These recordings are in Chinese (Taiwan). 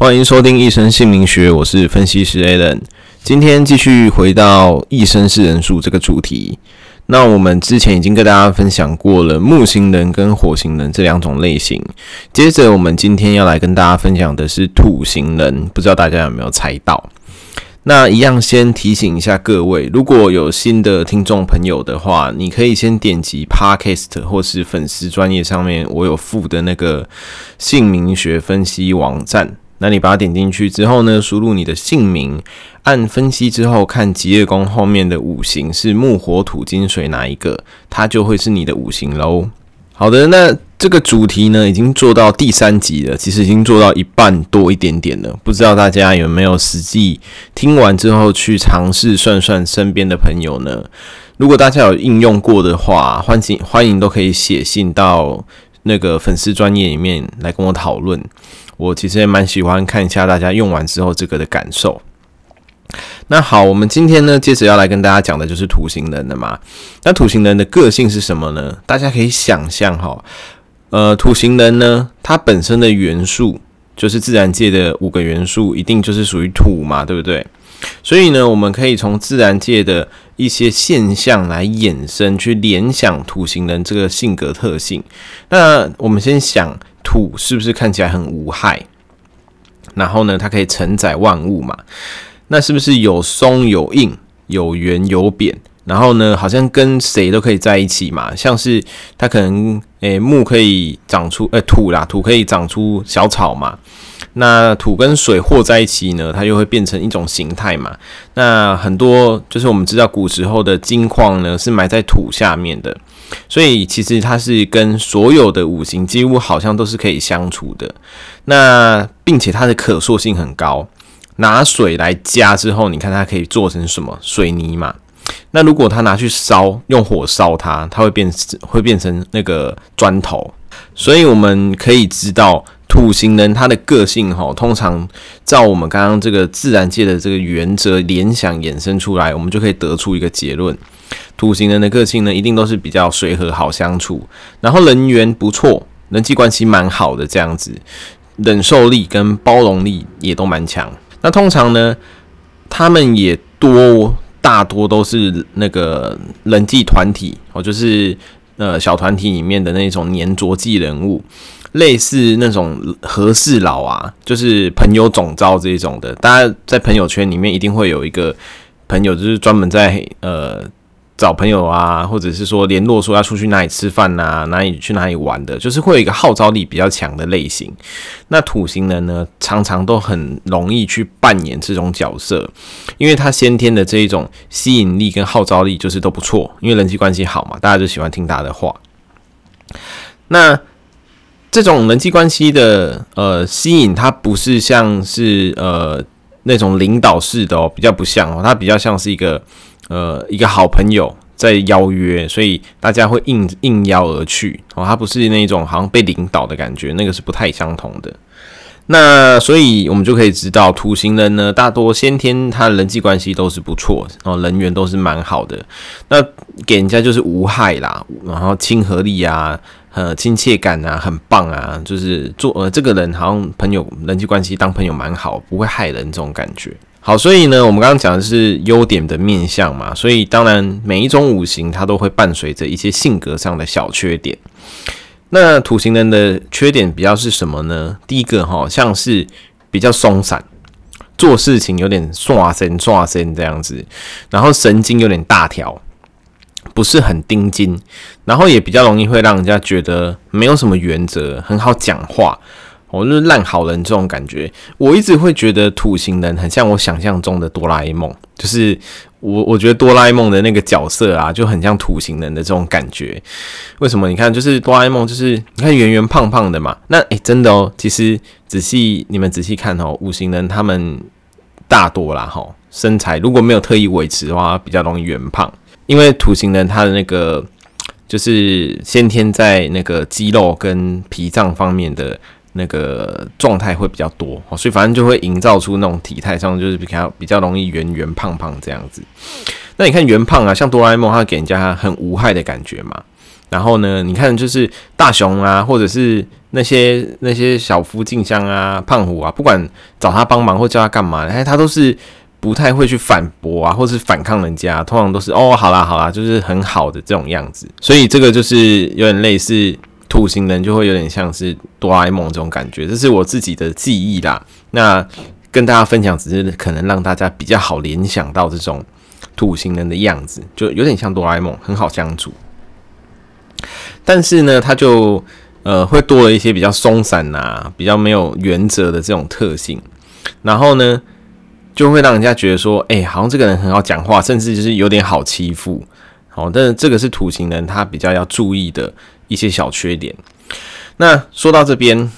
歡迎收聽《易生姓名學》，我是分析師艾倫。今天繼續回到易生識人術這個主題。那我們之前已經跟大家分享過了木型人跟火型人這兩種類型。接着，我們今天要來跟大家分享的是土型人。不知道大家有沒有猜到？那一樣先提醒一下各位，如果有新的聽眾朋友的話，你可以先點擊 Podcast 或是粉絲專頁上面我有附的那個姓名學分析網站。那你把它點進去之後呢，輸入你的姓名，按分析之後看吉樂宮後面的五行是木、火、土、金、水哪一個，它就會是你的五行嘍。好的，那這個主題呢，已經做到第三集了，其實已經做到一半多一點點了。不知道大家有沒有實際聽完之後去嘗試算算身邊的朋友呢？如果大家有應用過的話，歡迎歡迎都可以寫信到那個粉絲專頁裡面來跟我討論。我其實也蠻喜歡看一下大家用完之後這個的感受。那好，我們今天呢，接着要來跟大家講的就是土型人的嘛。那土型人的個性是什麼呢？大家可以想象哈，呃，土型人呢，它本身的元素就是自然界的五個元素，一定就是屬於土嘛，對不對？所以呢，我們可以從自然界的一些現象來衍生，去聯想土型人這個性格特性。那我們先想。土是不是看起來很無害？然後呢，它可以承載萬物嘛。那是不是有鬆有硬，有圓有扁？然後呢，好像跟誰都可以在一起嘛。像是它可能，誒、欸，木可以長出，誒、欸、土啦，土可以長出小草嘛。那土跟水和在一起呢，它就會變成一種形態嘛。那很多就是我們知道古時候的金礦呢，是埋在土下面的。所以其實它是跟所有的五行幾乎好像都是可以相處的，那並且它的可塑性很高，拿水來加之後，你看它可以做成什麼水泥嘛？那如果它拿去燒，用火燒它，它會變會變成那個磚頭。所以我們可以知道土型人他的個性哈，通常照我們剛剛這個自然界的這個原則聯想衍生出來，我們就可以得出一個結論。土型人的個性呢，一定都是比較隨和、好相處，然後人緣不錯，人際關係蠻好的這樣子，忍受力跟包容力也都蠻強。那通常呢，他們也多大多都是那個人際團體，哦，就是呃小團體裡面的那種黏着劑人物，類似那種和事佬啊，就是朋友總召這一種的。大家在朋友圈裡面一定會有一個朋友，就是專門在呃。找朋友啊，或者是說聯絡，說要出去哪裡吃飯啊，哪裡去哪裡玩的，就是會有一個號召力比較強的類型。那土型人呢，常常都很容易去扮演這種角色，因為他先天的這一種吸引力跟號召力就是都不錯，因為人際關係好嘛，大家就喜歡聽他的話。那這種人際關係的呃吸引，他不是像是呃那種領導式的哦，比較不像哦，他比較像是一個。呃，一個好朋友在邀約，所以大家會應應邀而去哦。他不是那種好像被領導的感覺，那個是不太相同的。那所以我們就可以知道，土型人呢，大多先天他的人際關係都是不錯哦，人緣都是蠻好的。那給人家就是無害啦，然後親和力啊，呃，親切感啊，很棒啊，就是做呃這個人好像朋友人際關係當朋友蠻好，不會害人這種感覺。好，所以呢，我們剛剛講的是優點的面相嘛，所以當然每一種五行它，都會伴隨着一些性格上的小缺點。那土型人的缺點比較是什麼呢？第一個好像是比較鬆散，做事情有點刷身刷身這樣子，然後神經有點大條，不是很丁緊，然後也比較容易會讓人家覺得沒有什麼原則，很好講話。我、哦、就是爛好人這種感覺，我一直會覺得土型人很像我想象中的哆啦 A 夢。就是我，我覺得哆啦 A 夢的那個角色啊，就很像土型人的這種感覺。為什麼？你看，就是哆啦 A 夢，就是你看圓圓胖胖的嘛。那誒、欸，真的哦，其實仔細你們仔細看哦，五行人他們大多啦。吼、哦，身材如果沒有特意維持的話，比較容易圓胖，因為土型人他的那個就是先天在那個肌肉跟脾臟方面的。那個狀態會比較多、喔，所以反正就會營造出那種體態上就是比較比較容易圓圓胖胖這樣子。那你看圓胖啊，像哆啦 A 夢，他給人家很無害的感覺嘛。然後呢，你看就是大雄啊，或者是那些那些小夫、靜香啊、胖虎啊，不管找他幫忙或叫他幹嘛，他都是不太會去反駁啊，或是反抗人家、啊，通常都是哦、喔，好啦，好啦，就是很好的這種樣子。所以這個就是有點類似。土型人就會有點像是哆啦 A 夢這種感覺，這是我自己的記憶啦。那跟大家分享，只是可能讓大家比較好聯想到這種土型人的樣子，就有點像哆啦 A 夢，很好相處。但是呢，他就呃會多了一些比較鬆散吶、啊、比較沒有原則的這種特性，然後呢就會讓人家覺得說，哎、欸，好像這個人很好講話，甚至就是有點好欺負。哦，但是這個是土型人，他比較要注意的一些小缺點。那說到這邊，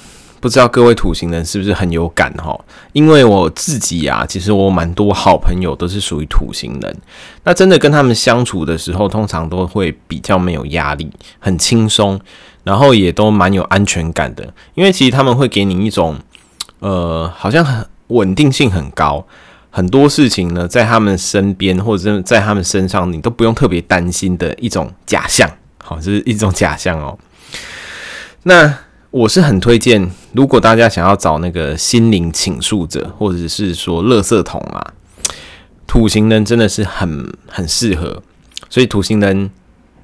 不知道各位土型人是不是很有感齁？因為我自己啊，其實我蠻多好朋友都是屬於土型人。那真的跟他們相處的時候，通常都會比較沒有壓力，很輕鬆，然後也都蠻有安全感的。因為其實他們會給你一種，呃，好像很穩定性很高，很多事情呢，在他們身邊或者在他們身上，你都不用特別擔心的一種假象，好，這是一種假象哦。那我是很推薦，如果大家想要找那個心靈傾訴者，或者是說垃圾桶啊，土型人真的是很很適合，所以土型人。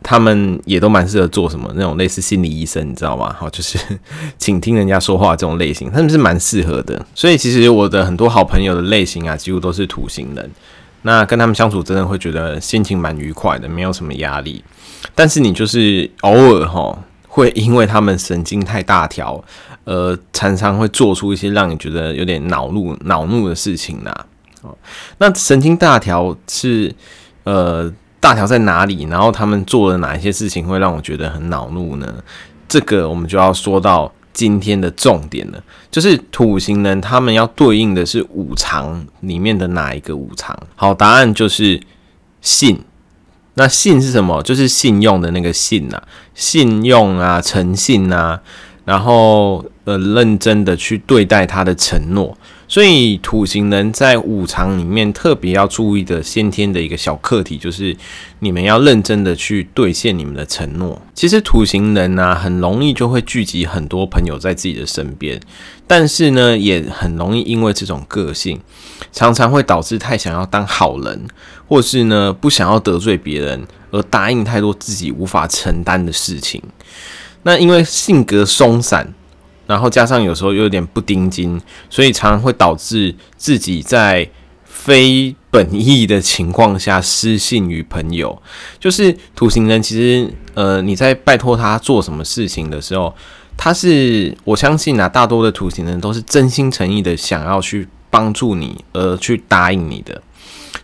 他們也都蠻適合做什麼那種類似心理醫生，你知道嗎？好，就是 請聽人家說話這種類型，他們是蠻適合的。所以其實我的很多好朋友的類型啊，幾乎都是土型人。那跟他們相處，真的會覺得心情蠻愉快的，沒有什麼壓力。但是你就是偶爾哈，會因為他們神經太大條，呃，常常會做出一些讓你覺得有點惱怒、惱怒的事情吶。哦，那神經大條是呃。大條在哪裡？然後他們做了哪一些事情會讓我覺得很惱怒呢？這個我們就要說到今天的重點了，就是土型人他們要對應的是五常裡面的哪一個五常？好，答案就是信。那信是什麼？就是信用的那個信吶、啊，信用啊，誠信啊，然後呃，認真的去對待他的承諾。所以土型人在五常裡面特別要注意的先天的一個小課題，就是你們要認真的去兌現你們的承諾。其實土型人啊，很容易就會聚集很多朋友在自己的身邊，但是呢，也很容易因為這種個性，常常會導致太想要當好人，或是呢不想要得罪別人，而答應太多自己無法承擔的事情。那因為性格鬆散。然後加上有時候又有點不丁釘，所以常常會導致自己在非本意的情況下失信於朋友。就是土型人，其實呃，你在拜托他做什麼事情的時候，他是我相信啊，大多的土型人都是真心誠意的想要去幫助你，而去答應你的。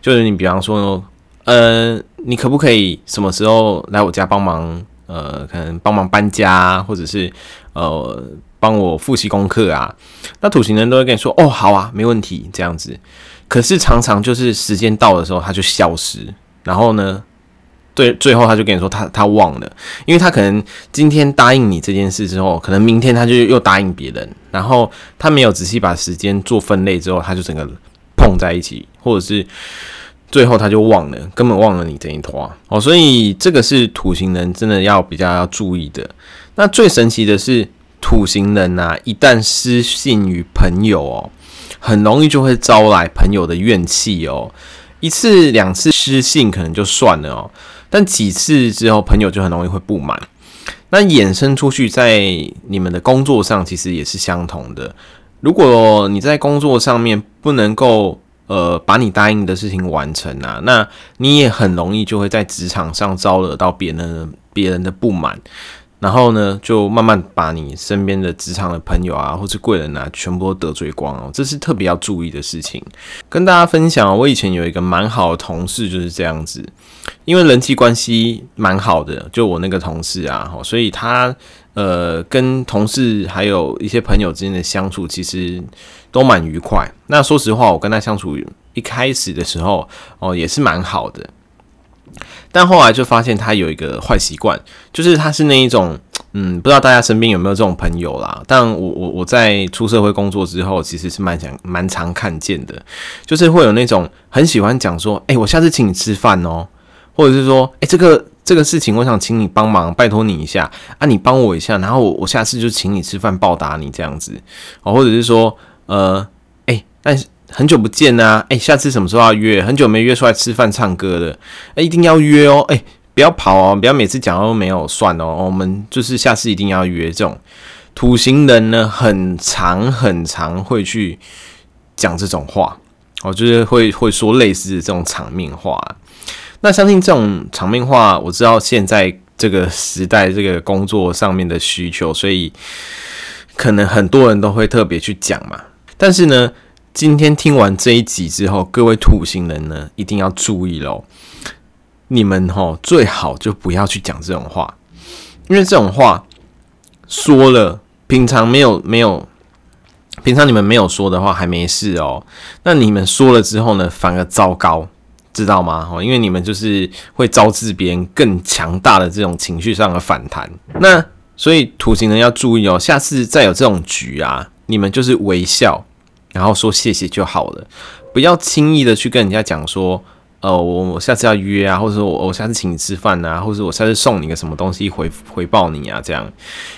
就是你比方說，呃，你可不可以什麼時候來我家幫忙？呃，可能幫忙搬家啊，或者是呃，幫我複習功課啊。那土型人都會跟你說：“哦，好啊，沒問題。”這樣子。可是常常就是時間到的時候，他就消失。然後呢，對，最後他就跟你說：“他他忘了，因為他可能今天答應你這件事之後，可能明天他就又答應別人。然後他沒有仔細把時間做分類，之後他就整個碰在一起，或者是。”最後他就忘了，根本忘了你這一坨，啊、哦，所以這個是土型人真的要比較要注意的。那最神奇的是，土型人吶、啊，一旦失信於朋友哦，很容易就會招來朋友的怨氣哦。一次兩次失信可能就算了哦，但幾次之後，朋友就很容易會不滿。那衍生出去，在你們的工作上其實也是相同的。如果你在工作上面不能夠。呃，把你答應的事情完成啊，那你也很容易就會在職場上招惹到別人的、別人的不滿，然後呢，就慢慢把你身邊的職場的朋友啊，或是貴人啊，全部都得罪光哦，這是特別要注意的事情。跟大家分享啊，我以前有一個蠻好的同事就是這樣子，因為人際關係蠻好的，就我那個同事啊，所以他呃，跟同事還有一些朋友之間的相處，其實。都蠻愉快。那說實話，我跟他相處一開始的時候，哦，也是蠻好的。但後來就發現他有一個壞習慣，就是他是那一種，嗯，不知道大家身邊有沒有這種朋友啦。但我我我在出社會工作之後，其實是蠻想、蠻常看見的，就是會有那種很喜歡講說，誒，我下次請你吃飯哦，或者是說，誒，這個這個事情我想請你幫忙，拜托你一下啊，你幫我一下，然後我我下次就請你吃飯報答你這樣子，哦，或者是說。呃，哎、欸，但是很久不見吶、啊，哎、欸，下次什麼時候要約？很久沒約出來吃飯、唱歌的，啊、欸，一定要約哦、喔，哎、欸，不要跑哦、喔，不要每次講都沒有算哦、喔，我們就是下次一定要約。這種土型人呢，很常很常會去講這種話，哦，就是會會說類似的這種場面話、啊。那相信這種場面話，我知道現在這個時代這個工作上面的需求，所以可能很多人都會特別去講嘛。但是呢，今天聽完這一集之後，各位土型人呢，一定要注意嘍。你們吼最好就不要去講這種話，因為這種話說了，平常沒有沒有，平常你們沒有說的話還沒事哦。那你們說了之後呢，反而糟糕，知道嗎？哦，因為你們就是會招致別人更強大的這種情緒上的反彈。那所以土型人要注意哦，下次再有這種局啊，你們就是微笑。然後說謝謝就好了，不要輕易的去跟人家講說，呃，我我下次要約啊，或者我我下次請你吃飯吶，啊，或者我下次送你個什麼東西回回報你啊，這樣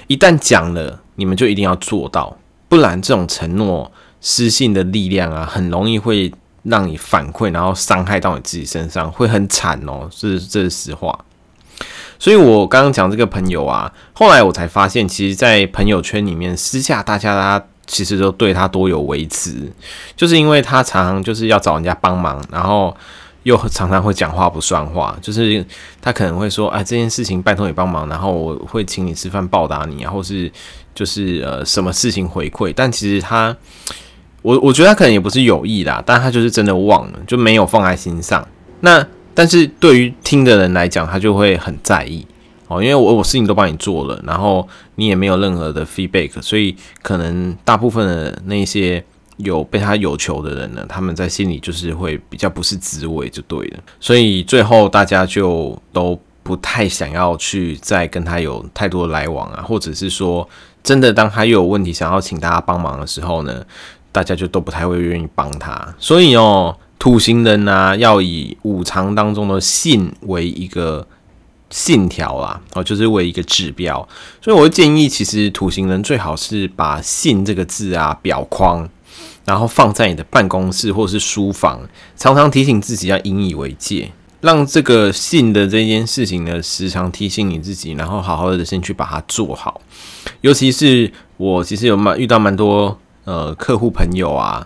一旦講了，你們就一定要做到，不然這種承諾失信的力量啊，很容易會讓你反饋，然後傷害到你自己身上，會很慘哦，是這是實話。所以我剛剛講這個朋友啊，後來我才發現，其實，在朋友圈裡面私下大家。其實都對他多有微詞，就是因為他常常就是要找人家幫忙，然後又常常會講話不算話，就是他可能會說：“哎，這件事情拜托你幫忙，然後我會請你吃飯報答你，或是就是呃什麼事情回饋。”但其實他，我我覺得他可能也不是有意啦，但他就是真的忘了，就沒有放在心上。那但是對於聽的人來講，他就會很在意。哦，因為我我事情都幫你做了，然後你也沒有任何的 feedback，所以可能大部分的那些有被他有求的人呢，他們在心裡就是會比較不是滋味，就對了。所以最後大家就都不太想要去再跟他有太多的來往啊，或者是說真的當他又有問題想要請大家幫忙的時候呢，大家就都不太會願意幫他。所以哦，土型人呢、啊，要以五常當中的信為一個。信條啊，哦，就是為一個指標，所以我建議，其實土型人最好是把“信”這個字啊，表框，然後放在你的辦公室或者是書房，常常提醒自己要引以為戒，讓這個信的這件事情呢，時常提醒你自己，然後好好的先去把它做好。尤其是我其實有蠻遇到蠻多呃客戶朋友啊。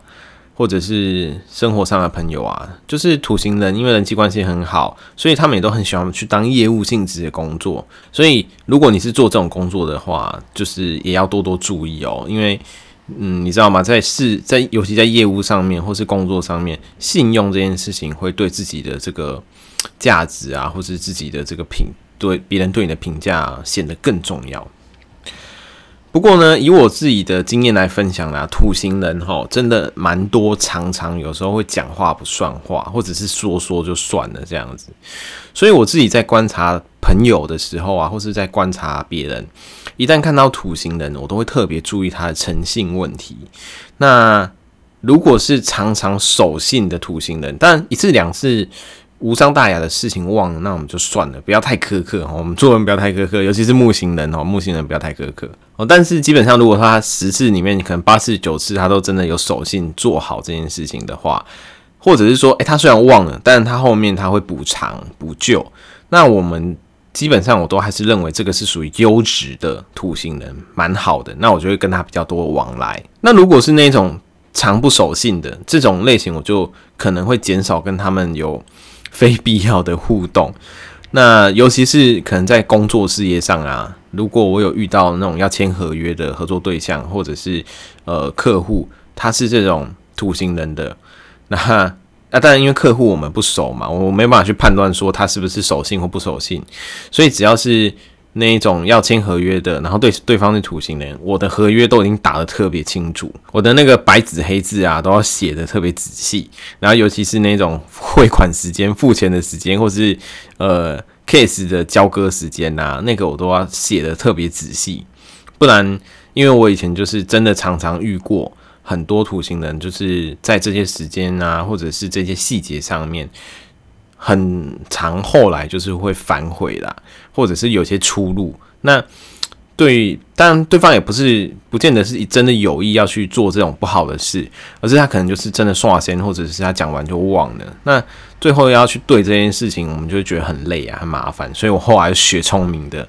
或者是生活上的朋友啊，就是土型人，因為人際關係很好，所以他們也都很喜歡去當業務性質的工作。所以，如果你是做這種工作的話，就是也要多多注意哦、喔，因為，嗯，你知道嗎？在事在尤其在業務上面或是工作上面，信用這件事情會對自己的這個價值啊，或是自己的這個評對別人對你的評價顯得更重要。不過呢，以我自己的經驗來分享啦、啊，土型人吼真的蠻多，常常有時候會講話不算話，或者是說說就算了這樣子。所以我自己在觀察朋友的時候啊，或是在觀察別人，一旦看到土型人，我都會特別注意他的誠信問題。那如果是常常守信的土型人，但一次兩次。無傷大雅的事情忘了，那我們就算了，不要太苛刻哈。我們做人不要太苛刻，尤其是木型人哦，木型人不要太苛刻哦。但是基本上，如果他十次裡面，你可能八次九次他都真的有守信做好這件事情的話，或者是說，誒、欸，他雖然忘了，但是他後面他會補償補救。那我們基本上我都還是認為這個是屬於優質的土型人，蠻好的。那我就會跟他比較多往來。那如果是那種常不守信的這種類型，我就可能會減少跟他們有非必要的互動，那尤其是可能在工作事業上啊，如果我有遇到那種要簽合約的合作對象，或者是呃，客戶，他是這種土型人的。那那當然因為客戶我們不熟嘛，我沒辦法去判斷說他是不是守信或不守信，所以只要是。那一種要簽合約的，然後對對方的土型人，我的合約都已經打得特別清楚，我的那個白紙黑字啊，都要寫得特別仔細。然後尤其是那種匯款時間、付錢的時間，或是呃 case 的交割時間吶、啊，那個我都要寫得特別仔細。不然，因為我以前就是真的常常遇過很多土型人，就是在這些時間啊，或者是這些細節上面。很長，後來就是會反悔啦，或者是有些出入。那對，當然對方也不是，不見得是真的有意要去做這種不好的事，而是他可能就是真的說話先，或者是他講完就忘了。那最後要去對這件事情，我們就會覺得很累啊，很麻煩。所以我後來學聰明的，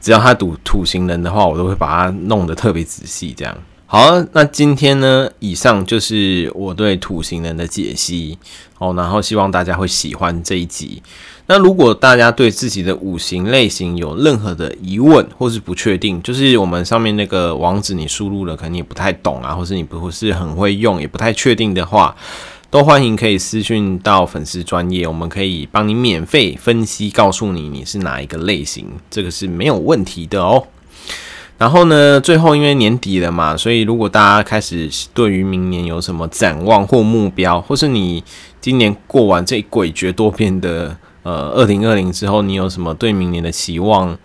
只要他讀土型人的話，我都會把他弄得特別仔細，這樣。好、啊，那今天呢？以上就是我對土型人的解析哦。然後希望大家會喜歡這一集。那如果大家對自己的五行類型有任何的疑問，或是不確定，就是我們上面那個網址你輸入了，可能也不太懂啊，或是你不是很會用，也不太確定的話，都歡迎可以私訊到粉絲專頁，我們可以幫你免費分析，告訴你你是哪一個類型，這個是沒有問題的哦。然後呢，最後，因為年底了嘛，所以如果大家開始對於明年有什麼展望或目標，或是你今年過完這詭譎多變的呃二零二零之後，你有什麼對明年的期望？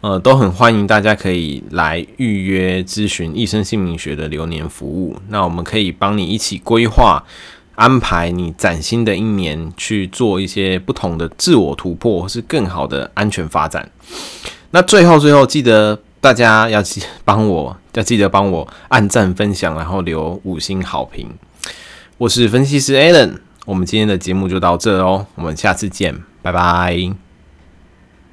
呃，都很歡迎大家可以來預約諮詢易生姓名學的流年服務。那我們可以幫你一起規劃安排你嶄新的一年，去做一些不同的自我突破，或是更好的安全發展。那最後，最後記得。大家要記幫我要記得幫我按讚、分享，然後留五星好評。我是分析師 Alan，我們今天的節目就到這哦，我們下次見，拜拜。